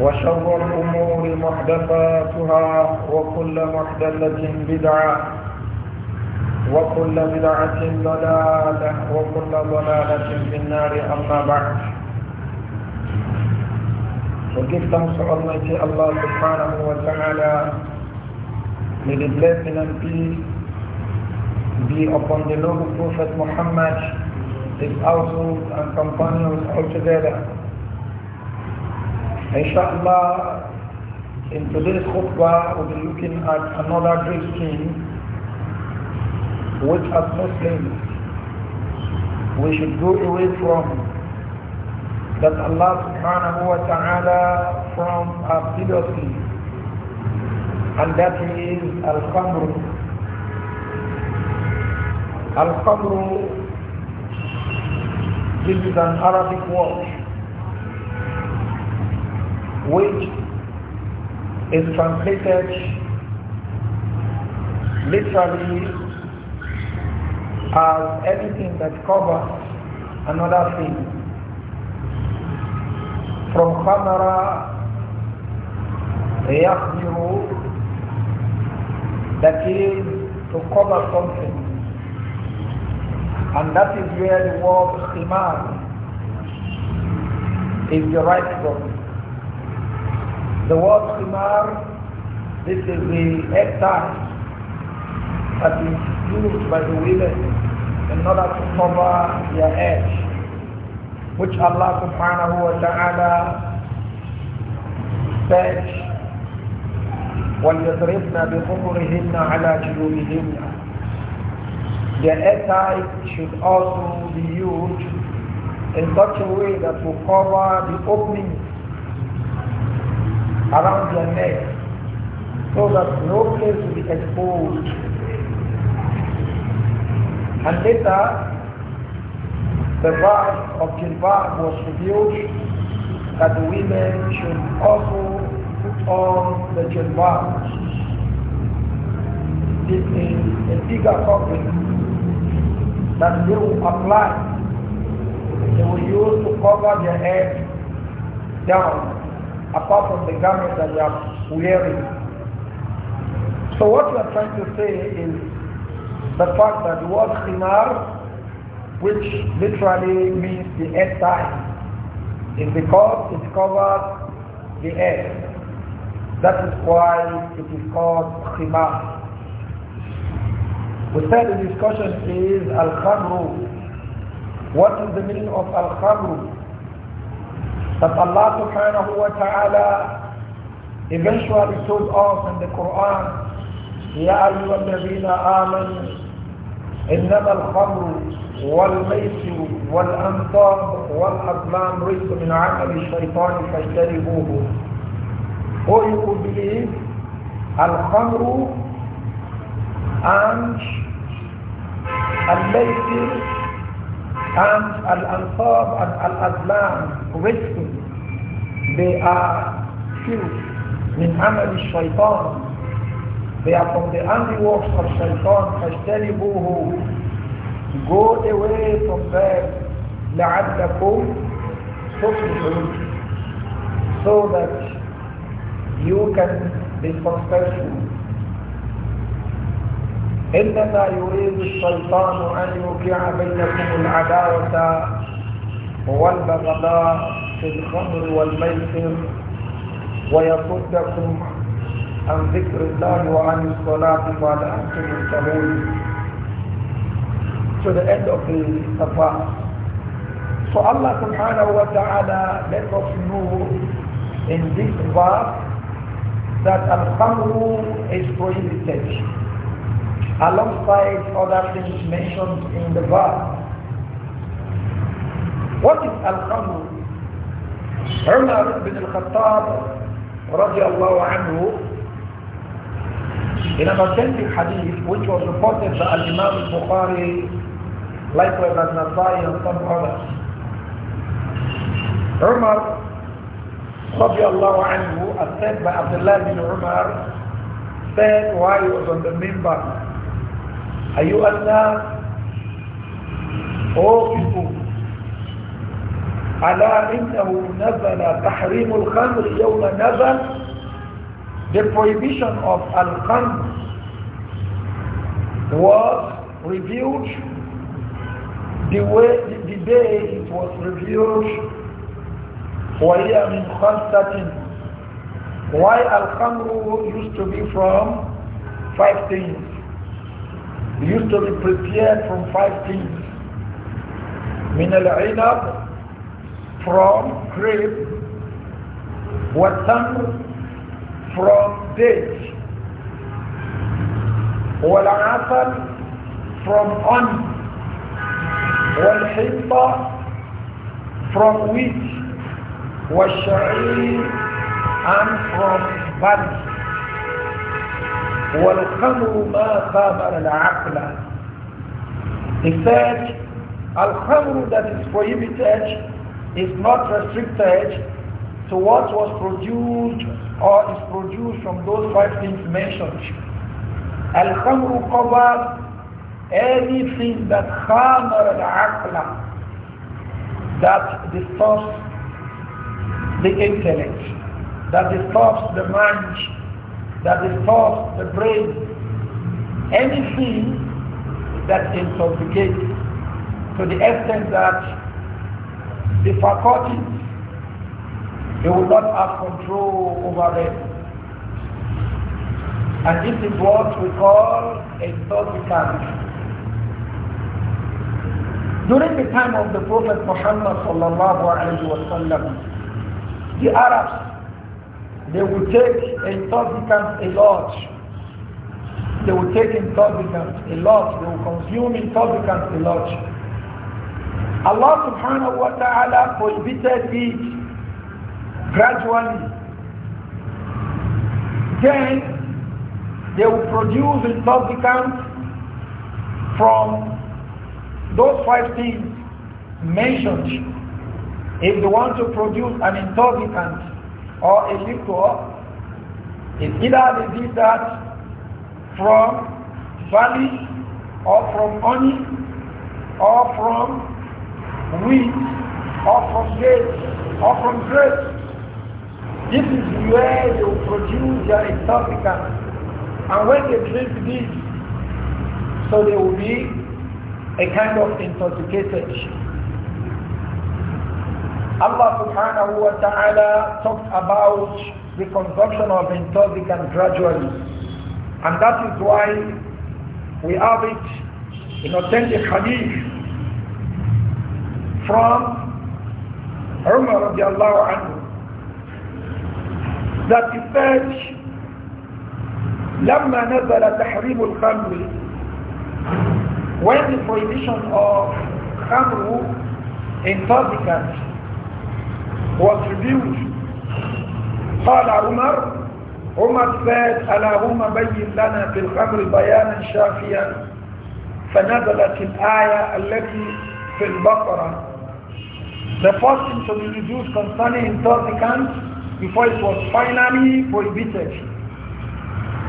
وشر الأمور محدثاتها وكل محدثة بدعة وكل بدعة ضلالة وكل ضلالة في النار أما بعد وكيف تنصر الله سبحانه وتعالى من the من and be upon the noble Prophet Muhammad, his household and companions altogether. Inshallah, in today's khutbah, we'll be looking at another great thing which as Muslims we should go away from. That Allah subhanahu wa ta'ala from avidity and that is Al-Qamru. Al-Qamru, this is an Arabic word which is translated literally as anything that covers another thing. From Khamara, Yahmiru, that is to cover something. And that is where the word Khimar is derived from. The word khimar, this is the hectare that is used by the women in order to cover their head, which Allah subhanahu wa ta'ala said, وَلْيَضْرِبْنَ بِخُمُرِهِنَّ عَلَى جُلُوبِهِنَّ The hectare should also be used in such a way that will cover the opening around their neck so that no place will be exposed. And later, the verse of Jilbab was revealed that the women should also put on the Jilbab. This is a bigger covering that they will apply. They will use to cover their head down apart from the garment that they are wearing. So what we are trying to say is the fact that the word khimar, which literally means the head tie, is because it covers the head. That is why it is called khimar. We said the discussion is al-khamru. What is the meaning of al-khamru? that Allah subhanahu wa ta'ala eventually told us in the Quran يا أيها الذين آمنوا إنما الخمر والميسر والأنصاب والأظلام رزق من عمل الشيطان فاجتنبوه Who you could believe الخمر and الميسر and الأنصاب and الأظلام رزق They من عمل الشيطان amal shaitan. They are from the handiworks of shaitan. فَاجْتَنِبُوهُ Go away from them لَعَلَّكُمْ تُفْلِحُونَ So that you can be successful. إنما يريد الشيطان أن يوقع بينكم العداوة والبغضاء في الخمر والميسر ويصدكم عن ذكر الله وعن الصلاة أنتم to the end of the safar. So Allah subhanahu wa ta'ala let us know in this verse that al-khamru is prohibited alongside other things mentioned in the verse. What is al-khamru? عمر بن الخطاب رضي الله عنه in an authentic hadith which was reported by Imam Bukhari, likewise as Nasai and some others. Umar رضي الله عنه as said by Abdullah bin Umar, said while he was on the member, Ayu Allah, O people, على انه نزل تحريم الخمر يوم نزل the prohibition of al-khamr was revealed the way the day it was revealed وهي من خمسة why al-khamr used to be from five things used to be prepared from five things Min al العنب from grape, والتمر from date, والعسل from honey, والحنطة from wheat, والشعير and from barley. والخمر ما ثابر العقل He said, Al-Khamru that is prohibited is not restricted to what was produced or is produced from those five things mentioned. Al-Khamru covers anything that khamar al-aqla, that disturbs the intellect, that disturbs the mind, that disturbs the brain, anything that intoxicates to the extent that the faculty, they will not have control over them. And this is what we call a thought during the time of the Prophet Muhammad sallallahu alayhi wa sallam, the Arabs, they would take intoxicants a lot. They would take intoxicants a lot. They would consume in intoxicants a lot. Allah subhanahu wa ta'ala prohibited it gradually. Then they will produce intoxicants from those five things mentioned. If they want to produce an intoxicant or a liquor, it either they did that from barley or from honey or from we, or from this, or from this. This is where they produce your intoxicant. And when they drink this, so they will be a kind of intoxicated. Allah subhanahu wa ta'ala talked about the consumption of intoxicant gradually. And that is why we have it in authentic hadith from Umar radiallahu anhu that he said لما نزل تحريم الخمر when the prohibition of خمر in intoxicants was reviewed قال عمر عمر said هم بين لنا في الخمر بيانا شافيا فنزلت الآية التي في البقرة The first thing to be reduced concerning intoxicants before it was finally prohibited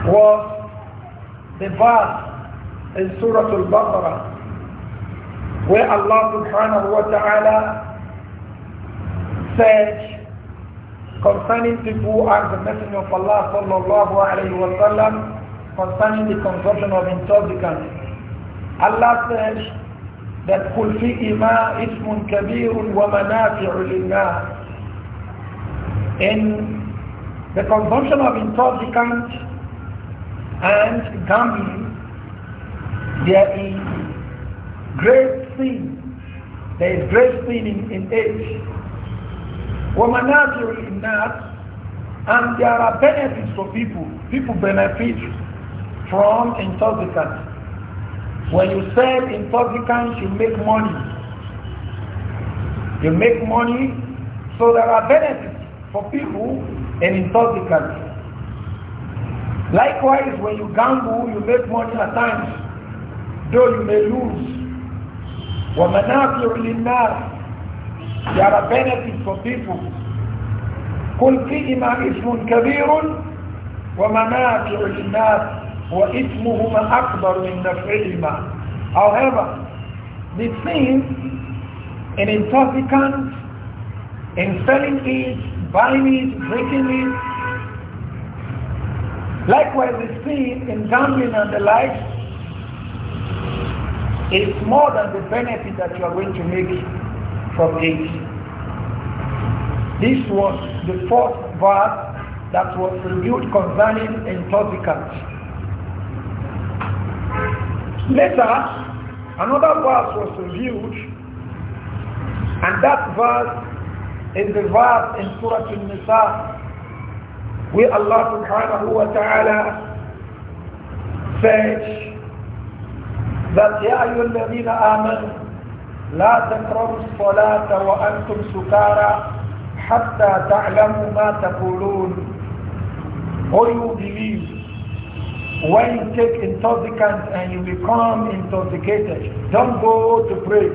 was the verse in Surah Al-Baqarah where Allah subhanahu wa ta'ala said concerning people are the messenger of Allah sallallahu alayhi wa sallam concerning the consumption of intoxicants. Allah says that kulfi'ima ismun kabirun wa manafi'u linnas. In the consumption of intoxicants and gambling, there is great sin. There is great sin in, in it. وَمَنَافِرُ لِلنَّاسِ And there are benefits for people. People benefit from intoxicants. When you sell intoxicants, you make money. You make money, so there are benefits for people in intoxicants. Likewise, when you gamble, you make money at times, though you may lose. وَمَنَافِعُ لِلنَّاسِ There are benefits for people. قُلْ فِيهِمَا إِثْمٌ كَبِيرٌ وَمَنَافِعُ لِلنَّاسِ وَإِثْمُهُمَا أَكْبَرُ مِنْ نَفْعِهِمَا However, the sin in intoxicants, in selling it, buying it, drinking it, likewise the sin in gambling and the like, is more than the benefit that you are going to make from it. This was the fourth verse that was revealed concerning intoxicants. Later, another verse was revealed, and that verse is the verse in Surah Al-Nisa, where Allah subhanahu wa ta'ala says that, يَا أَيُّهَا الَّذِينَ آمَنُوا لا تقربوا الصلاة وأنتم سكارى حتى تعلموا ما تقولون. All you believe, when you take intoxicants and you become intoxicated, don't go to pray.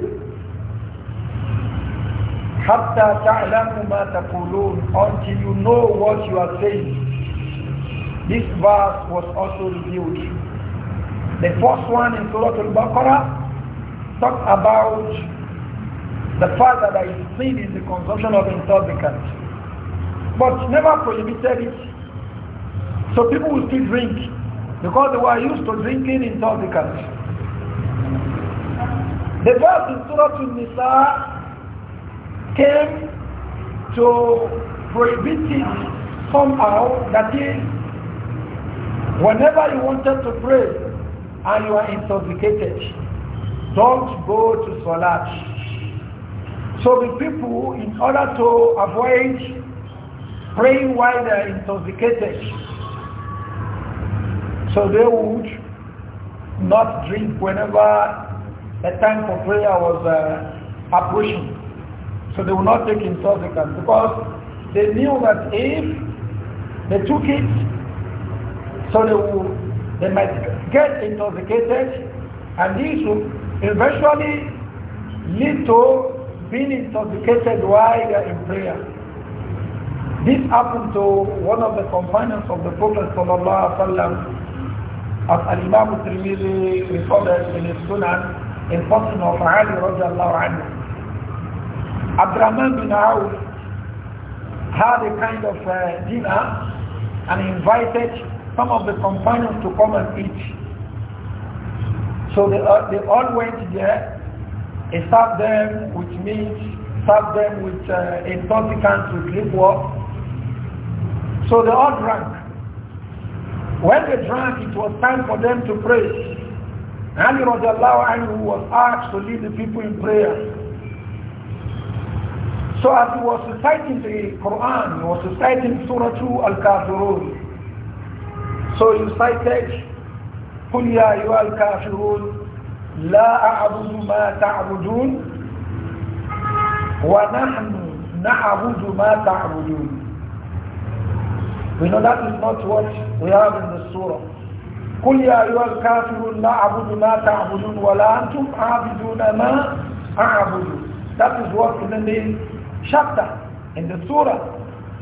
until you know what you are saying. This verse was also revealed. The first one in Surah Al-Baqarah talked about the fact that sin is the consumption of intoxicants. But never prohibited it. So people will still drink because they were used to drinking intoxicants. The verse in Surah nisa came to prohibit it somehow, that is, whenever you wanted to pray and you are intoxicated, don't go to Salat. So the people, in order to avoid praying while they are intoxicated, so they would not drink whenever the time for prayer was uh, approaching. So they would not take intoxicants because they knew that if they took it, so they, would, they might get intoxicated and this would eventually lead to being intoxicated while they are in prayer. This happened to one of the companions of the Prophet sallallahu alaihi wasallam as Al-Imam al-Tirmidhi recorded in his Sunan in person of Ali radiallahu anhu. Abdurrahman bin Auf had a kind of uh, dinner and invited some of the companions to come and eat. So they, uh, they all went there. He served them with meat, served them with uh, intoxicants, with liquor. So they all drank. When they drank, it was time for them to pray. Ali radiallahu anhu was asked to lead the people in prayer. So as he was reciting the Quran, he was reciting Surah 2 Al-Kafirun. So he recited, قُلْ يَا أَيُّهَا الْكَافِرُونَ لَا أَعْبُدُ مَا تَعْبُدُونَ وَنَحْنُ نَعْبُدُ مَا تَعْبُدُونَ we know that is not what we have in the surah. قل يا أيها الكافرون لا أعبد ما تعبدون ولا أنتم عابدون ما أعبد. That is what in the name chapter in the surah.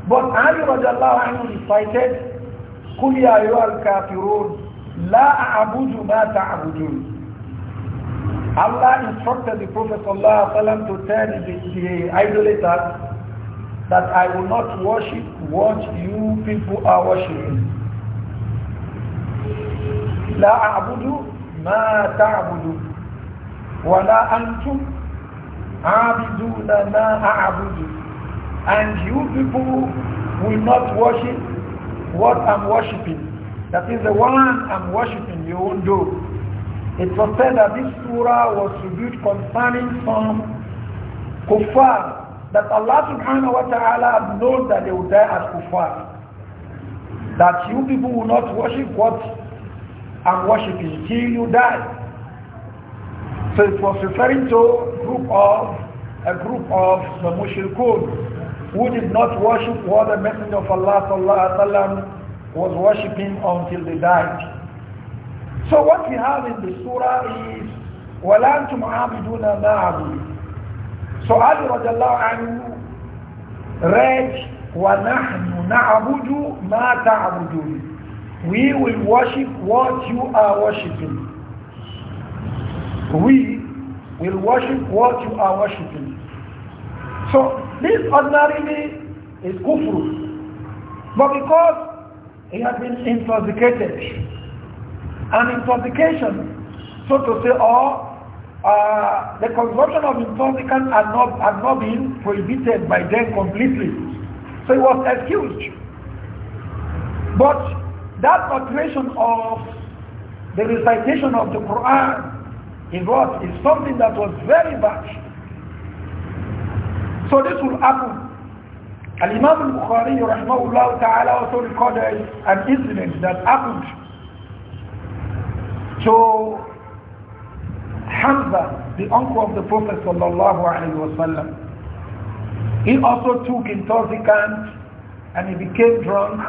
But Ali radiallahu anhu recited قل يا أيها الكافرون لا أعبد ما تعبدون. Allah instructed the Prophet ﷺ to tell the, the idolaters that I will not worship what you people are worshiping. لا أعبد ما تعبد ولا أنتم عابدون ما أعبد and you people will not worship what I'm worshiping. That is the one I'm worshiping, you won't do. It was said that this surah was revealed concerning some kuffar that Allah subhanahu wa ta'ala knows that they will die as kuffar. That you people will not worship what I'm worshiping till you die. So it was referring to group of a group of the mushrikun who did not worship what the Messenger of Allah sallallahu Wa wasallam was worshiping until they died. So what we have in the surah is وَلَا أَنْتُمْ عَابِدُونَ مَا so Ali radiallahu anhu read, وَنَحْنُ نَعْبُدُ مَا تَعْبُدُونَ We will worship what you are worshipping. We will worship what you are worshipping. So this ordinarily is kufr. But because he has been intoxicated, an intoxication, so to say, or uh, the consumption of intoxicants had not, had not been prohibited by them completely. So it was excused. But that alteration of the recitation of the Quran is what? Is something that was very bad. So this will happen. Al-Imam al-Bukhari rahimahullah ta'ala also recorded an incident that happened. So Hamza, the uncle of the Prophet sallallahu alaihi wasallam, he also took intoxicants and he became drunk.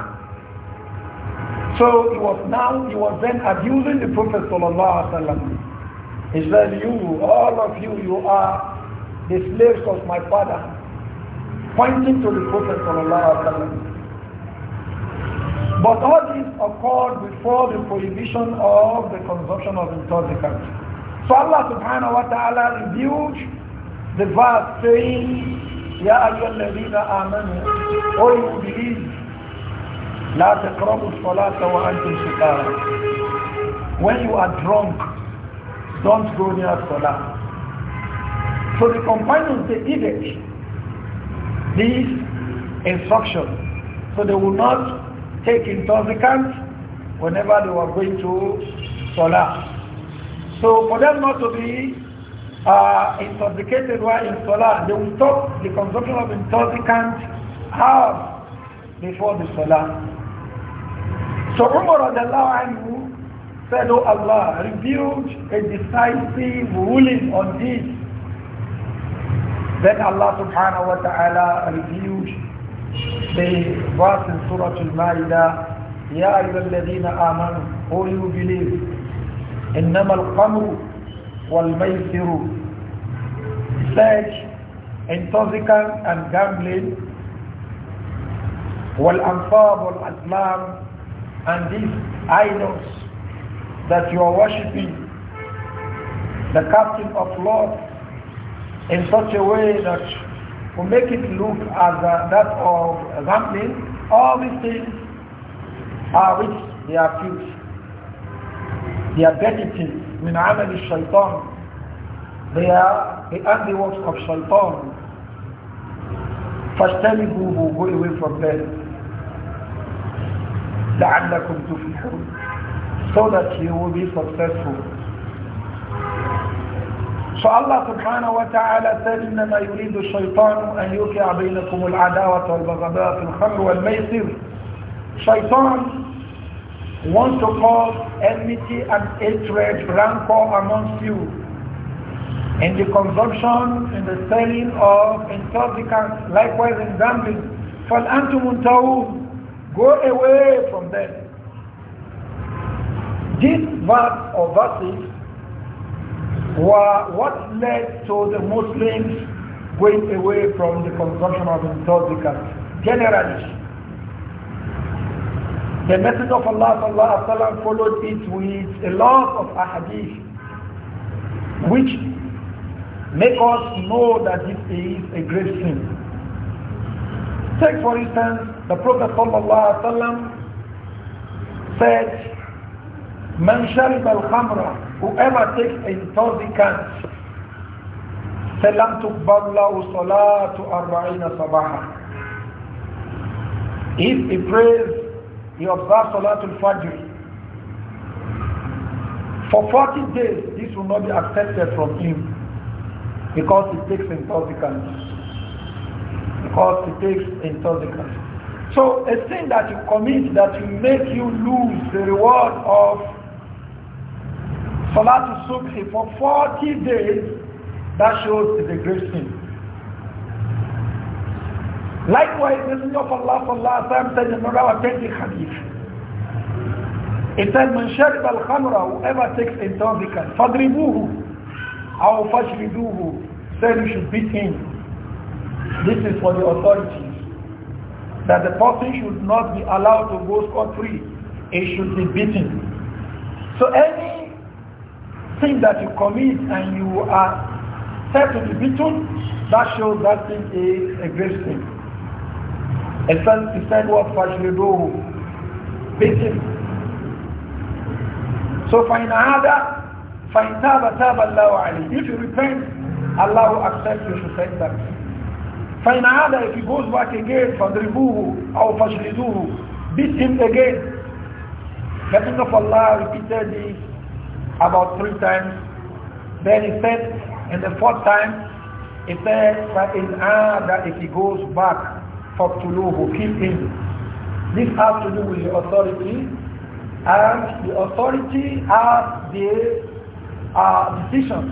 So he was now he was then abusing the Prophet sallallahu alaihi wasallam. He said, "You, all of you, you are the slaves of my father," pointing to the Prophet sallallahu alaihi wasallam. But all this occurred before the prohibition of the consumption of intoxicants. So Allah subhanahu wa ta'ala reviewed the verse saying, "Ya أيها الذين آمنوا you believe لا تقربوا الصلاة وأنتم سكارى when you are drunk don't go near Salah so the companions they did it these instructions so they would not take intoxicants whenever they were going to Salah so for them not to be uh, intoxicated while in Salah, they will stop the consumption of intoxicant half before the Salah. So Umar anhu said, Oh Allah, revealed a decisive ruling on this. Then Allah subhanahu wa ta'ala revealed the verse in Surah Al-Ma'idah, Ya ladina amanu, O you believe, إنما القمر والميسر such intoxicant and gambling والأنصاب والأزلام and these idols that you are worshipping the captain of love in such a way that will make it look as a, that of gambling. All these things are which they are fixed They are benefiting من عمل الشيطان They are the handiworks of shaitan فاجتنبوه go away from them لعلكم تفلحون so that you will be successful So Allah subhanahu wa ta'ala said إنما يريد الشيطان أن يوقع بينكم العداوة والبغضاء في الخمر والميسر Shaitan want to cause enmity and hatred, rancor amongst you, in the consumption and the selling of intoxicants, likewise in gambling, فَالْأَنْتُمْ مُنْتَهُونَ Go away from them. This verse or verses were what led to the Muslims going away from the consumption of intoxicants, generally the Messenger of Allah وسلم, followed it with a lot of ahadith which make us know that it is a great sin. Take for instance, the Prophet وسلم, said, Man sharib al khamra, whoever takes intoxicants, salam tukbal lahu salatu arba'ina sabaha. If he prays he observed Salatul Fajr. For 40 days, this will not be accepted from him because he takes intoxicants. Because he takes intoxicants. So a sin that you commit that will make you lose the reward of Salatul Subhi for 40 days, that shows the great sin. Likewise, the Messenger of Allah sallallahu alayhi wa sallam said in another authentic hadith. It said, sharib al الخمر, whoever takes intoxicant, فَضْرِبُوهُ أو فَشْرِدُوهُ Said you should beat him. This is for the authorities. That the person should not be allowed to go scot-free. It should be beaten. So any thing that you commit and you are said to be beaten, that shows that thing is a grave sin. And son, he said, what fashliduhu? Beat him. So فَإِنْ عَادَ فَإِنْ تَابَ تَابَ اللَّهُ عَلَيْهِ If you repent, Allah will accept your repentance. فَإِنْ عَادَ If he goes back again, فَضْرِبُوهُ أَوْ فَاشْلِدُوهُ Beat him again. Messenger of Allah repeated this about three times. Then he said, in the fourth time, he said, فَإِنْ عَادَ If he goes back, فَاقْتُلُوهُ keep him. This has to do with the authority and the authority has the uh, decision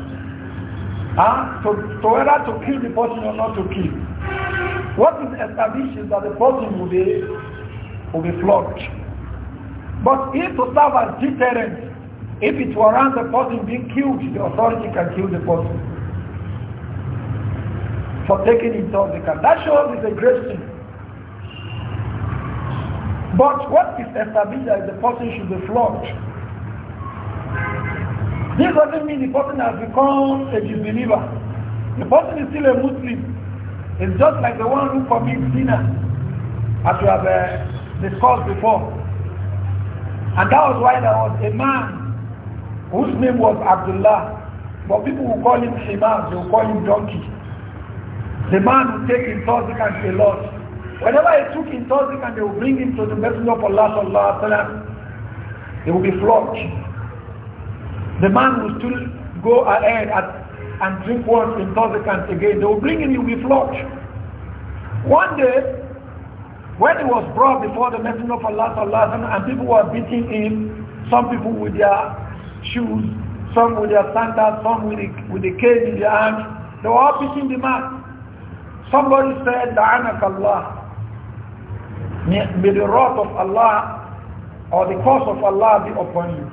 uh, to, to whether to kill the person or not to kill. What is established is that the person will be, will be flogged. But if to serve as deterrent, if it warrants the person being killed, the authority can kill the person for taking it account. the can. That shows it's a great thing. But what is established that the person should be flogged? This doesn't mean the person has become a disbeliever. The person is still a Muslim. It's just like the one who commits dinner as we have uh, discussed before. And that was why there was a man whose name was Abdullah. But people will call him Shema, they will call him donkey. The man who takes can a lot Whenever he took intoxicant, they will bring him to the Messenger of Allah sallallahu alaihi wasallam. They will be flogged. The man will still go ahead and drink once intoxicant again. They will bring him, he will be flogged. One day, when he was brought before the Messenger of Allah sallallahu wa wasallam and people were beating him, some people with their shoes, some with their sandals, some with a, with cane in their hands, they were all beating the man. Somebody said, La'anak Allah. May, the wrath of Allah or the curse of Allah be upon you.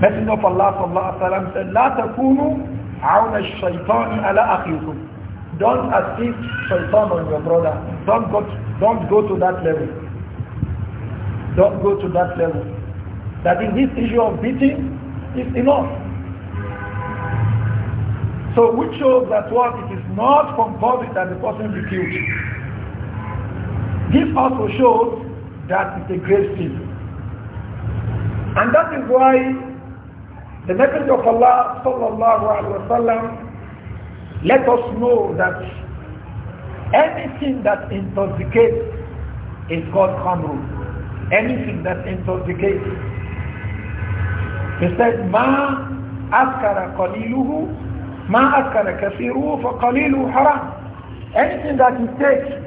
Messenger of Allah sallallahu alaihi wasallam said, "La takunu auna ash-shaytan ala akhikum." Don't assist shaitan on your brother. Don't go to, don't go to that level. Don't go to that level. That in this issue of beating is enough. So which shows that what it is not compulsory that the person be killed. This also shows that it's a grave sin. And that is why the Messenger of Allah sallallahu alaihi wasallam let us know that anything that intoxicates is called khamru. Anything that intoxicates. He said, ma askara qaliluhu, ma askara kafiru, fa qaliluhu haram. Anything that he takes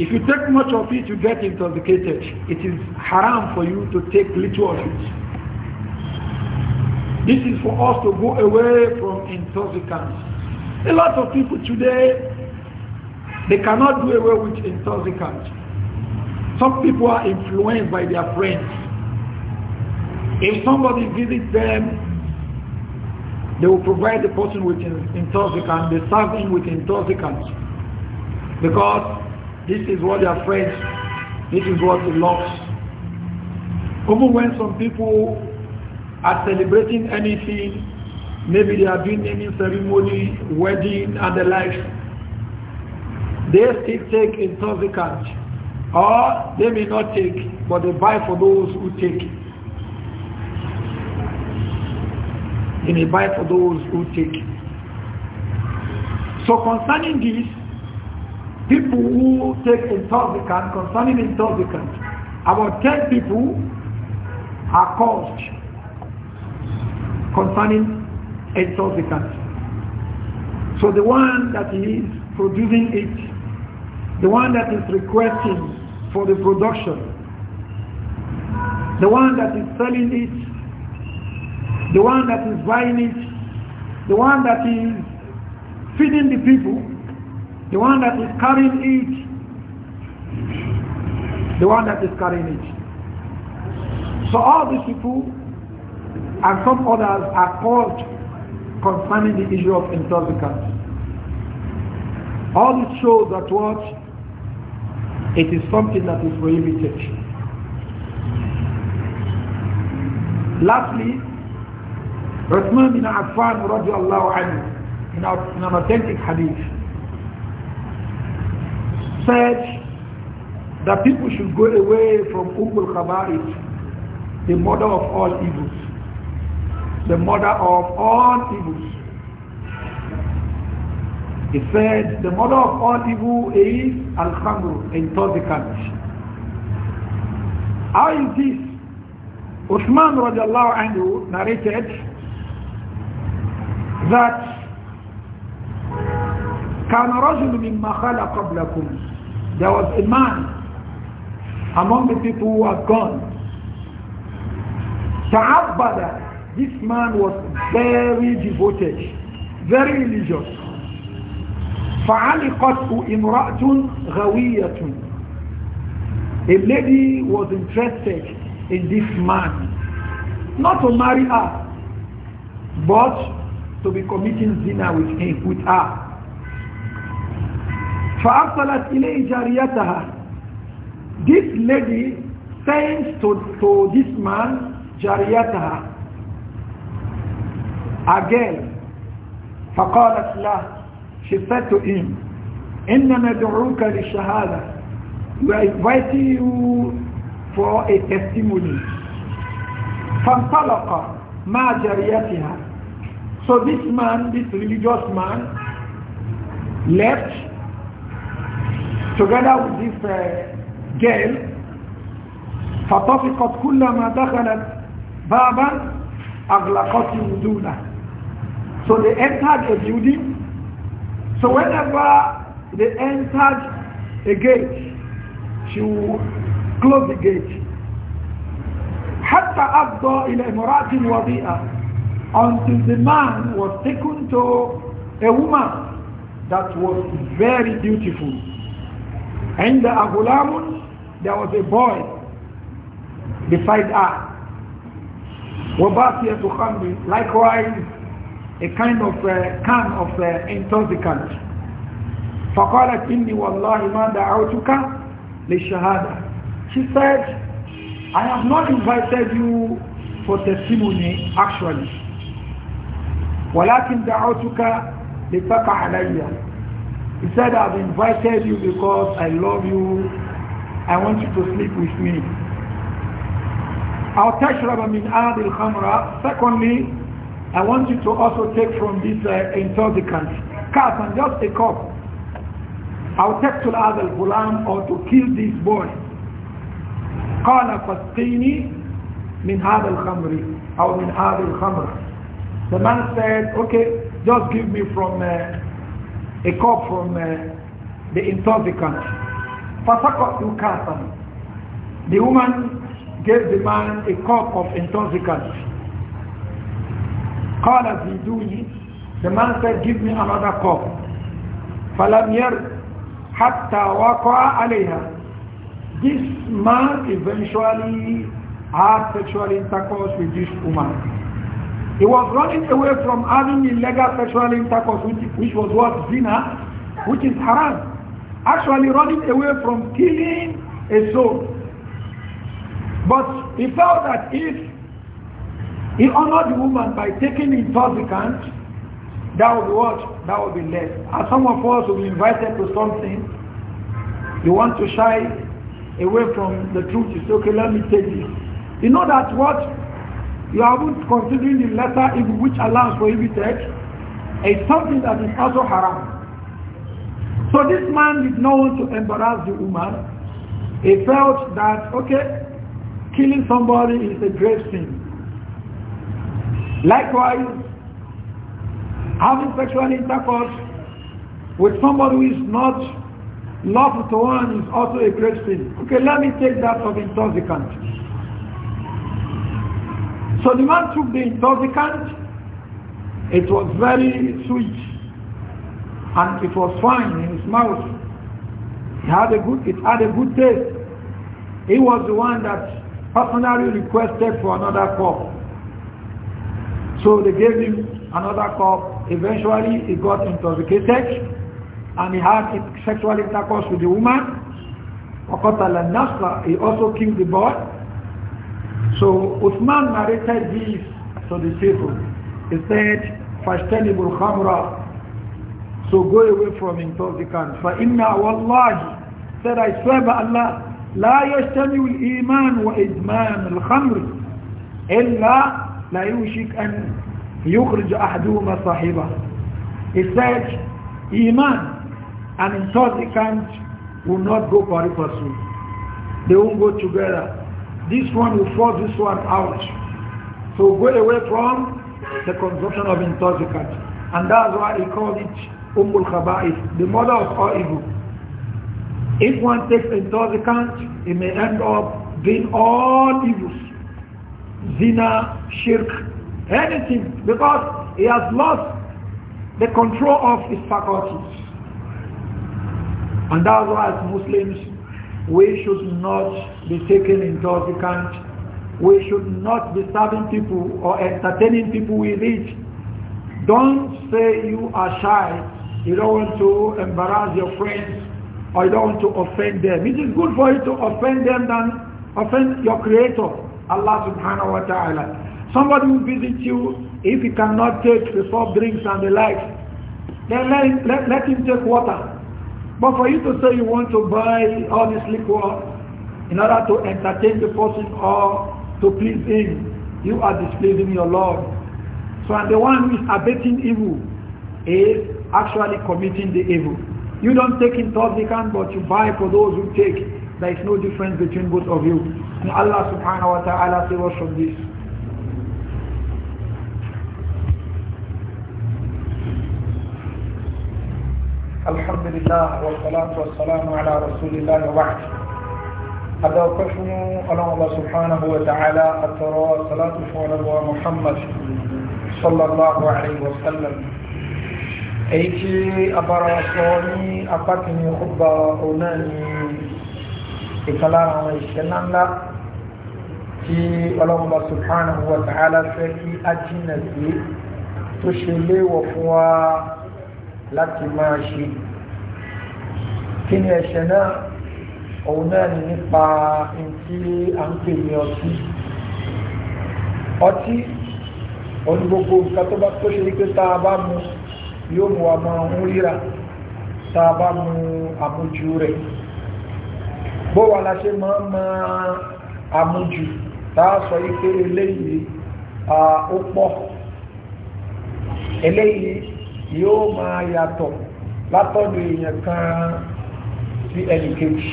if you take much of it, you get intoxicated. It is haram for you to take little of it. This is for us to go away from intoxicants. A lot of people today, they cannot do away with intoxicants. Some people are influenced by their friends. If somebody visits them, they will provide the person with intoxicants. they serve him with intoxicants. Because this is what their friends, this is what he loves. Even when some people are celebrating anything, maybe they are doing any ceremony, wedding and the likes, they still take intoxicant or they may not take, but they buy for those who take. They may buy for those who take. So concerning this, people who take intoxicant, concerning intoxicant, about 10 people are caused concerning intoxicant. So the one that is producing it, the one that is requesting for the production, the one that is selling it, the one that is buying it, the one that is feeding the people, the one that is carrying it. The one that is carrying it. So all these people and some others are called concerning the issue of intoxicants. All this shows that what? It is something that is prohibited. Lastly, Uthman bin Affan radiallahu anhu in, our, in an authentic hadith said that people should go away from Umm al the mother of all evils, the mother of all evils. He said, the mother of all evil is Al-Khamru, intoxicant. How is this? Uthman radiallahu anhu narrated that كان رجل مما خلق قبلكم there was a man among the people who had gone. Ta'abbada, this man was very devoted, very religious. فعلقته غوية A lady was interested in this man. Not to marry her, but to be committing zina with him, with her. فأرسلت إليه جاريتها This lady sent to, to this man جاريتها a girl فقالت له she said to him إنما دعوك للشهادة we are inviting you for a testimony فانطلق مع جاريتها so this man this religious man left together with this uh, girl فطفقت كلما دخلت بابا do دونه so they entered a building so whenever they entered a gate she would close the gate حتى أفضى إلى امرأة وضيئة until the man was taken to a woman that was very beautiful عند أغلام there was a boy beside her وباسية خمر likewise a kind of a uh, can of uh, intoxicant فقالت إني والله ما دعوتك للشهادة she said I have not invited you for testimony actually ولكن دعوتك لتقع عليّ he said, I've invited you because I love you. I want you to sleep with me. I'll tashrab min adil khamra. Secondly, I want you to also take from this uh, intoxicant. Cut and just a cup. I'll take to adil gulam or to kill this boy. قال فاسقيني من هذا الخمر أو من هذا الخمر. The man said, okay, just give me from uh, a cup from uh, the intoxicant. فَسَقَتْ The woman gave the man a cup of intoxicant. قَالَ زِيدُونِ The man said, give me another cup. فَلَمْ hatta حَتَّى وَقَعَ This man eventually had sexual intercourse with this woman. He was running away from having illegal sexual intercourse, which, which was what? Zina, which is haram. Actually running away from killing a soul. But he felt that if he honored the woman by taking intoxicant, that would be what? That would be less. As some of us will be invited to something, you want to shy away from the truth. You say, okay, let me take this. You know that what? you haven't considering the letter in which Allah has prohibited is something that is also haram. So this man did not want to embarrass the woman. He felt that, okay, killing somebody is a grave sin. Likewise, having sexual intercourse with somebody who is not lawful to one is also a grave sin. Okay, let me take that of intoxicant. So the man took the intoxicant. It was very sweet. And it was fine in his mouth. It had a good, it had a good taste. He was the one that personally requested for another cup. So they gave him another cup. Eventually he got intoxicated and he had sexual intercourse with the woman. وقتل he also killed the boy so Uthman narrated this to the people. He said, فَاشْتَنِبُ الْخَمْرَ So go away from intoxicants. فَإِنَّا وَاللَّهِ Said, I swear by Allah, لا يجتمع الإيمان وإدمان الخمر إلا لا يوشك أن يخرج أحدهما صاحبه He said, Iman and intoxicant will not go pari passu. They won't go together this one will force this one out. So go away from the consumption of intoxicants. And that's why he called it Ummul Khaba'is, the mother of all evil. If one takes intoxicant, he may end up doing all evils. Zina, shirk, anything. Because he has lost the control of his faculties. And that's why as Muslims, we should not be taken account. We should not be serving people or entertaining people with it. Don't say you are shy. You don't want to embarrass your friends or you don't want to offend them. It is good for you to offend them than offend your creator, Allah subhanahu wa ta'ala. Somebody will visit you if he cannot take the soft drinks and the like. Then let, let, let him take water. But for you to say you want to buy all this liquor in order to entertain the person or to please him, you are displeasing your Lord. So and the one who is abating evil is actually committing the evil. You don't take intoxicant but you buy for those who take. There is no difference between both of you. Allah subhanahu wa ta'ala save us from this. الحمد لله والصلاة والسلام على رسول الله وبعد هذا كفن الله سبحانه وتعالى أترى صلاة فعلا محمد صلى الله عليه وسلم أيتي أبرا صوني أبتني حبا أناني إكلام وإشكلام لا tí ọlọ́mọba subhanahu wa ta'ala fẹ́ kí ajínagbé tó láti máa ṣe kí ni ẹ̀ṣẹ̀ náà òun náà ni nípa ntí à ń pè ní ọtí ọtí òun gbogbo nǹkan tó bá tó ṣe wípé tá a bá mu yóò mú wa ń ríra tá a bá mu àmójú rẹ̀ bó wà la ṣe máa ma àmójú tá a sọ wípé eléyìí ó pọ̀ eléyìí yóò máa yàtọ̀ látọ̀dọ̀ èèyàn kan sí ẹnì kejì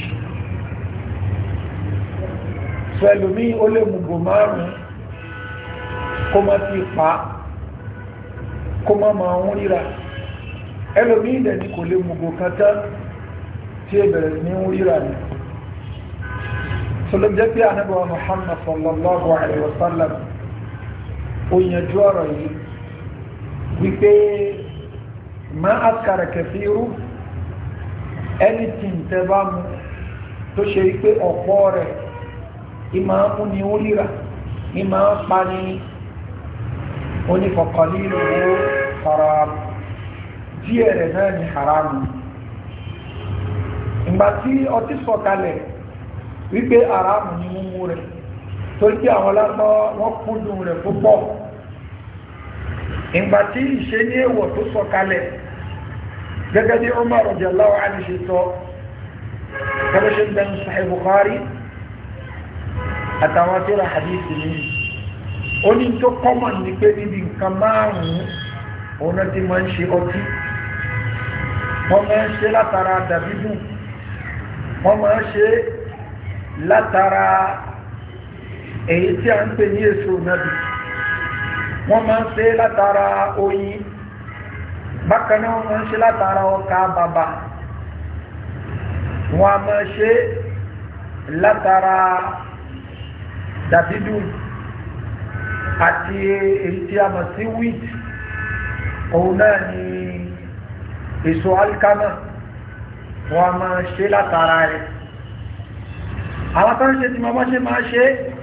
pẹ̀lúmí ó lè mùgò márùn-ún kó má ti pa kó má máa ń ríra ẹlòmí ilẹ̀ ni kò lè mùgò kan tán tí ẹ bẹ̀rẹ̀ ní ń ríra ni sọlọ́jẹ́ pé anábọ̀ Muhammad sallallahu alaihi wasallam ó yanjú ọ̀rọ̀ yìí wípé ma askara kẹfìrú ẹni tí ń tẹ́bá mu tó ṣe pé ọ̀pọ̀ rẹ̀ ìmọ̀ múni ó ríra ìmọ̀ pani onífọ̀kànlí lòó fara díẹ̀ rẹ̀ náà ní haramu ìgbà tí ọtí sọ̀kalẹ̀ wípé haramu ni múmú rẹ̀ torí pé àwọn lápá wọ́n kúndùn rẹ̀ púpọ̀ ìgbà tí ìṣe ní èwọ̀ tó sọ kalẹ̀ gẹ́gẹ́ bí Umar radiyallahu anhu ṣe sọ tẹ́lẹ̀ṣẹ́ bẹ̀rẹ̀ Sahih Bukhari àtàwọn tó ra hadith ní ó ní tó kọ́mọ̀ èyí tí a ń pè ní èso nàbì wọ́n máa ń ṣe látara oyin bákan náà wọ́n máa ń ṣe látara ọkà bàbà wọ́n a máa ṣe látara dàbídù àti èyí tí a mọ̀ sí wheat òun náà ni èso alkama wọ́n a máa ṣe látara rẹ̀ àwọn tó ń ṣe tí mọ́ bá ṣe máa ṣe é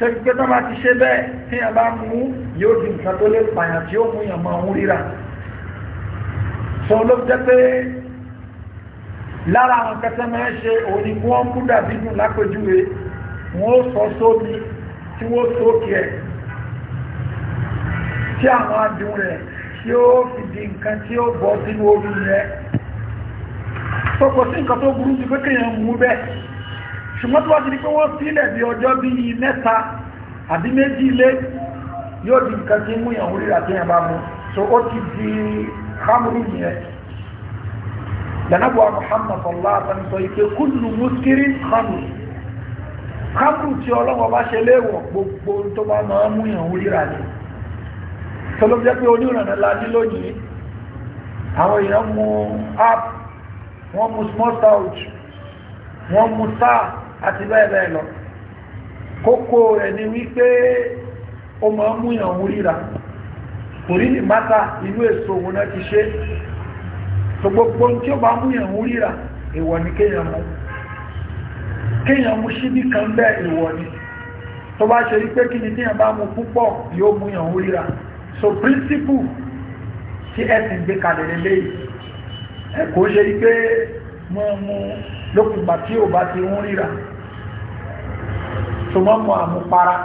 tẹ́gbẹ́ tó bá ti ṣe bẹ́ẹ̀ tí a bá mú yóò di nǹkan tó lè pààyàn tí ó mú yàn máa ń ríra sọ ló jẹ́ pé lára àwọn kẹsẹ́ máa ń ṣe òní kí wọ́n kú dàbí dùn lápèjúwe wọ́n ó sọ sómi tí wọ́n sókè ẹ̀ tí àwọn adùn rẹ̀ tí ó fi di nǹkan tí ó bọ́ sínú omi rẹ̀ tó kò sí nǹkan tó burú ju pé kéèyàn mú bẹ́ẹ̀ ṣùgbọ́n tó wá ti di pé wọ́n sílẹ̀ bí ọjọ́ bí i mẹ́ta àbí méjì ilé yóò di nǹkan tí mú ìyàwó rírà tí yẹn bá mú so ó ti di hamuru yẹn lẹ́nàbọ̀ Muhammad sallallahu alaihi wasallam ike kullu muskiri hamuru hamuru tí ọlọ́wọ́ bá ṣe léèwọ̀ gbogbo tó bá máa mú ìyàwó rírà ni tó pé onírànlá ní lónìí àwọn èèyàn mú app wọ́n mú small stout wọ́n mú sáà àti bẹ́ẹ̀ bẹ́ẹ̀ lọ kókó rẹ̀ ni wípé ó máa ń múyàn wú ríra kò rí ní mátà inú èso òun náà ti ṣe tó gbogbo tí ó bá múyàn wú ríra ìwọ̀ ni kéèyàn mú kéèyàn mú síbí kan bẹ́ẹ̀ ìwọ̀ ni tó bá ṣe rí kí ni tíyàn bá mú púpọ̀ yóò múyàn wú ríra so principle tí ẹ̀sìn gbé kalẹ̀ lélẹ́yìí ẹ̀kọ́ ṣe rí pé mú lókùn ìgbà tí ò bá ti ń ríra tó mọ́ mọ́ àmupara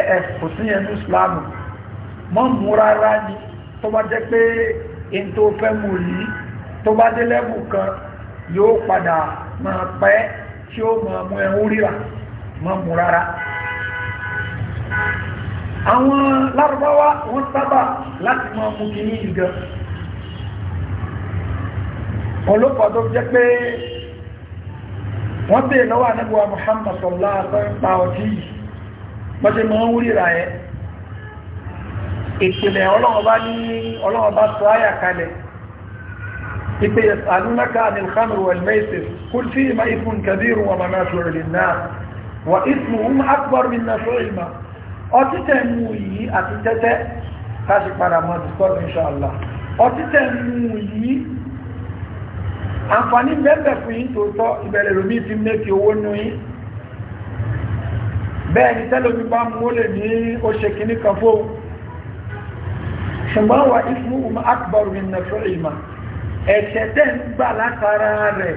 ẹ̀ẹ́ kò sí ẹnu islam mọ́ mú rárá ni tó bá jẹ́ pé in tó fẹ́ mú yìí tó bá dé lẹ́bù kan yóò padà máa pẹ́ tí ó mọ́ mú ẹ̀hú ríra mọ́ mú rárá àwọn lárúbáwá wọ́n sábà láti mọ́ mú kí ní ìgan ọlọ́pàá tó jẹ́ pé wọ́n bèèrè lọ́wọ́ anábíwá Muhammad sallallahu alaihi wasallam pa ọtí yìí bọ́sẹ̀ mọ́ ń ríra ẹ̀ ìpìlẹ̀ ọlọ́ọ̀bá ní ọlọ́ọ̀bá sọ áyà kalẹ̀ ipe yasalunaka anil khamr wal maisir kul fihima ithmun kabirun wa àǹfààní bẹ́ẹ̀ fún yí tó tọ́ ìbẹ̀rẹ̀ lómi fi mẹ́kì owó nú yí bẹ́ẹ̀ ni tẹ́lómi bá mú lè ní ó kìíní kan fóun ṣùgbọ́n wà ìfún um akbar min nàfẹ́ ẹ̀ṣẹ̀ tẹ́ ń gbà látara rẹ̀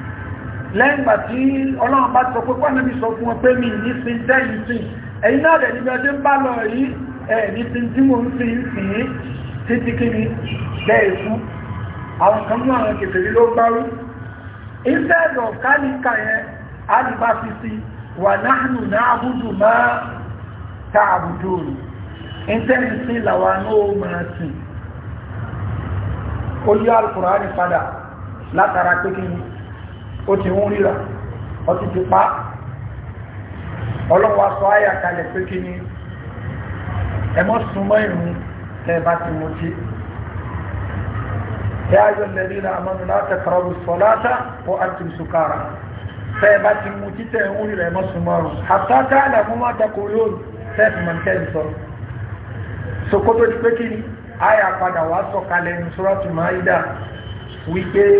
lẹ́yìngbà tí ọlọ́run bá sọ pé sọ fún wọn pé mi ní sin tẹ́yìn sí ẹ̀yìn náà rẹ̀ níbi ọdún bá lọ rí ẹ̀ ní sin tí mo ń fi ń fi ń títí kí ni àwọn kan mú àwọn kèfèrí ló gbárú instead of kálíkà a ní bá ta rù náà máa sìn ó yí padà látara ó ti ń ríra ó ti ti pa ọlọ́wọ́ aṣọ àyà kalẹ̀ pé kí ni ẹ mọ́ súnmọ́ ìrún tẹ́ bá ti mú jí ẹ ayọ̀ lẹ́rí ra amọ́nu láti kọ̀rọ̀bù sọ̀láta ó àti sùkárà tẹ́ bá ti mú jí tẹ́ ń ríra ẹ mọ́ súnmọ́ ìrún àtàtà àdàmú má dàkó yóò tẹ́ fi mọ̀ tẹ́ sọ sokoto ti pé kí ni àyà padà wá sọ̀kalẹ̀ ní sọ́rọ́tù máa ń dà wípé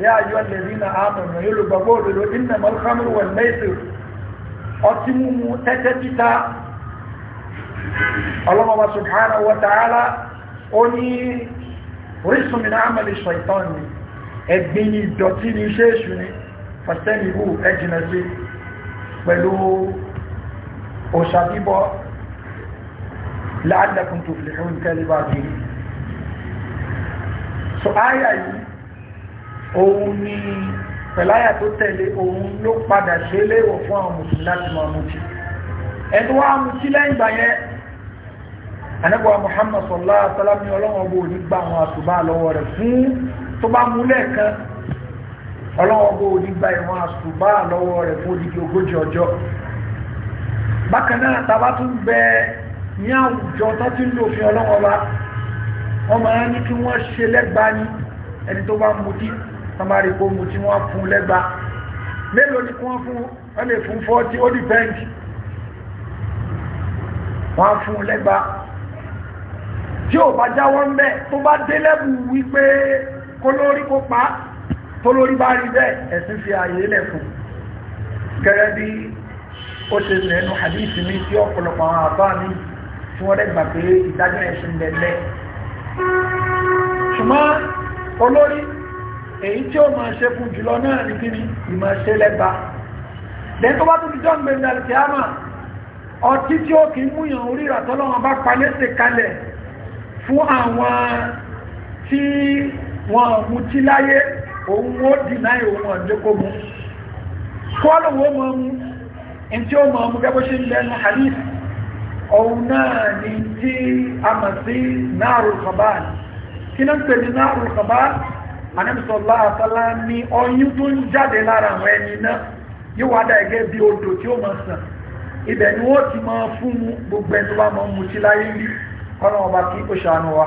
يا أيها الذين آمنوا يلو بقولوا إنما الخمر والميسر أتموا تتتا الله سبحانه وتعالى أني رس من عمل الشيطان أديني دوتيني شيشني فاستنبوا أجنسي ولو أشابيبوا لعلكم تفلحون كالباقي سؤال òun ni pẹ̀láyà tó tẹ̀lé òun ló padà ṣe léwọ̀ fún àwọn mùsùlùmí láti máa mutí ẹni wá mutí lẹ́yìn ìgbà yẹn anẹ́bọ̀wà Muhammad sallallahu alaihi wasallam ní ọlọ́wọ́ bó ní gba àwọn àtùbá lọ́wọ́ rẹ̀ fún tó bá mú lẹ́ẹ̀kan ọlọ́wọ́ bó ní gba ìwọ̀n àtùbá lọ́wọ́ rẹ̀ fún odidi ogójì ọjọ́ bákan náà tàbá tún bẹ ní àwùjọ tó ti ń lò fi ọlọ́wọ́ bá wọ́n máa ní kí wọ́n ṣe lẹ́gbàá ní ẹni tó bá mutí samari kó mu tí wọ́n fún lẹ́gba mélòó ni wọ́n fún wọ́n lè fún fọ́tí ó dìpẹ́ǹdì wọ́n fún lẹ́gba tí ò bá jáwọ́ ń bẹ́ tó bá dé lẹ́bù wípé kólórí kó pa tó lórí bá rí bẹ́ẹ̀ ẹ̀sìn fi ààyè lẹ̀ fún gẹ́gẹ́ bí ó ṣe lẹ́nu àdíìsì mi tí ọ̀pọ̀lọpọ̀ àwọn àbá mi tí wọ́n rẹ̀ gbà pé ìdájọ́ ẹ̀sìn bẹ̀ẹ̀ ṣùgbọ́n olórí èyí tí ó máa ṣe fún jùlọ náà ní kí ni ìmọ̀ ṣe lẹ́gba lẹ́yìn tó bá tó ti jọ́ gbé ní alìkíyàmà ọtí tí ó kì í múyàn orí ìràtọ́lọ́wọ́n bá palẹ́sẹ̀ kalẹ̀ fún àwọn tí wọ́n mú tí láyé òun ó dìná ìwọ̀n ọ̀dẹ́kọ́mù kọ́lọ̀wọ́ mọ́ mú in tí ó mọ́ mú gẹ́gbọ́ ṣe ń náà ni náà ń anẹ́bìsọ̀lá àtàlá ní ọyún tó ń jáde lára àwọn ẹni náà yóò wádà ẹgẹ́ bí odò tí ó mọ̀ sàn ibẹ̀ ni wọ́n ti máa fún mu gbogbo ẹni wá mọ́ mu sí láyé rí ọ̀nà ọba kí ó ṣàánú wa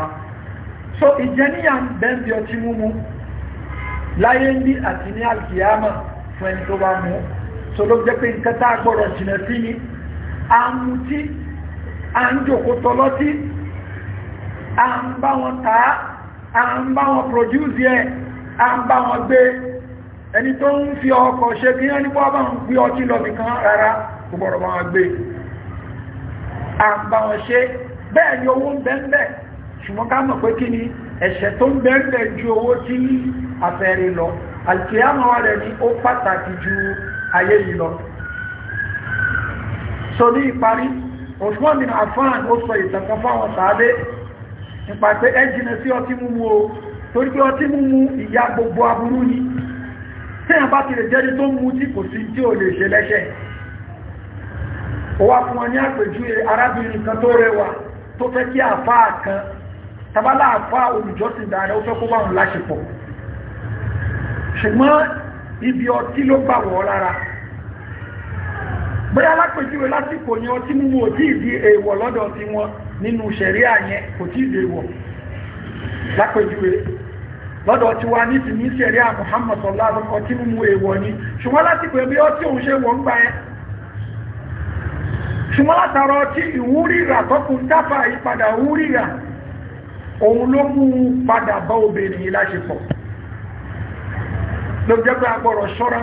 so ìjẹníyà ń bẹ́ẹ̀bí ọtí múmu láyé rí àti ní alkiyama fún ẹni tó bá mú so ló jẹ́ pé nǹkan tá a gbọ́dọ̀ jìnà sí ni à ń mutí à ń jòkó tọlọ́tí à ń bá wọn tàá a ń bá wọn produce ẹ̀ a ń bá wọn gbé ẹni tó ń fi ọkọ̀ ṣe kí wọ́n ní bọ́ọ̀bá ń gbé ọtí lọ nìkan rárá gbọ́rọ̀ wọn gbé a ń bá wọn ṣe bẹ́ẹ̀ ni owó ń bẹ́ẹ̀ ṣùgbọ́n ká mọ̀ pé kí ni ẹ̀ṣẹ̀ tó ń bẹ́ẹ̀ ju owó tí àfẹ́rẹ́ lọ àkíyàmọ́ rẹ̀ ni ó pàtàkì ju ayé yìí lọ so ní ìparí Osman bin Affan ó sọ ìtàkàn fáwọn sàádé nípa pé ẹ jìnà sí ọtí múmu o torí pé ọtí múmu ìyá gbogbo aburú ni tí a bá ti lè jẹ́rí tó mú tí kò sí tí ò lè ṣe lẹ́ṣẹ̀ ó wá fún wọn ní àpèjúwe arábìnrin kan tó rẹwà tó fẹ́ kí àfáà kan tabálà àfáà olùjọ́sìn dáadáa ó fẹ́ kó báwọn láṣepọ̀ ṣùgbọ́n ibi ọtí ló gbà wọ́ lára bóyá lápèjúwe lásìkò yẹn ọtí múmu ò tí èèwọ̀ lọ́dọ̀ tiwọn nínú ṣẹ̀ríà yẹn kò tí ìdè wọ̀ lápẹjúwe lọ́dọ̀ tí wá ní ti ní Muhammad sallallahu alaihi tí mú èèwọ̀ ni ṣùgbọ́n láti pẹ̀ bí ọtí òun ṣe wọ̀ ń ṣùgbọ́n látara ọtí ìwúrìrà tọ́kùn tápà ìpadà òun ló mú padà bá obìnrin láṣepọ̀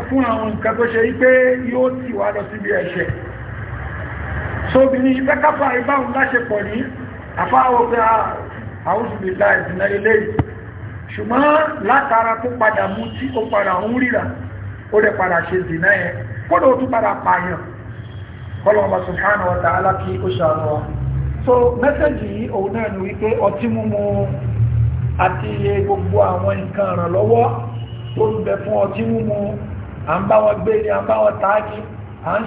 fún àwọn nǹkan tó ṣe wípé yóò tì wá lọ síbi sóbìnrin ìfẹ́ káfà ìbáhùn láṣepọ̀ ní àfáwọ̀ pé àwùsùlùlá ìdìnà ilé ṣùgbọ́n látara tó padà mú tí ó padà ń ríra ó rẹ̀ padà ṣe dìnà ẹ̀ kọ́dọ̀ tó padà pààyàn kọlọ̀ọ̀bà subhanahu wa ta'ala ó ṣàrọ̀ so mẹ́sẹ̀jì yìí òun náà ni wípé ọtí múmu àti gbogbo àwọn nǹkan ìrànlọ́wọ́ tó ń bẹ fún ọtí múmu à ń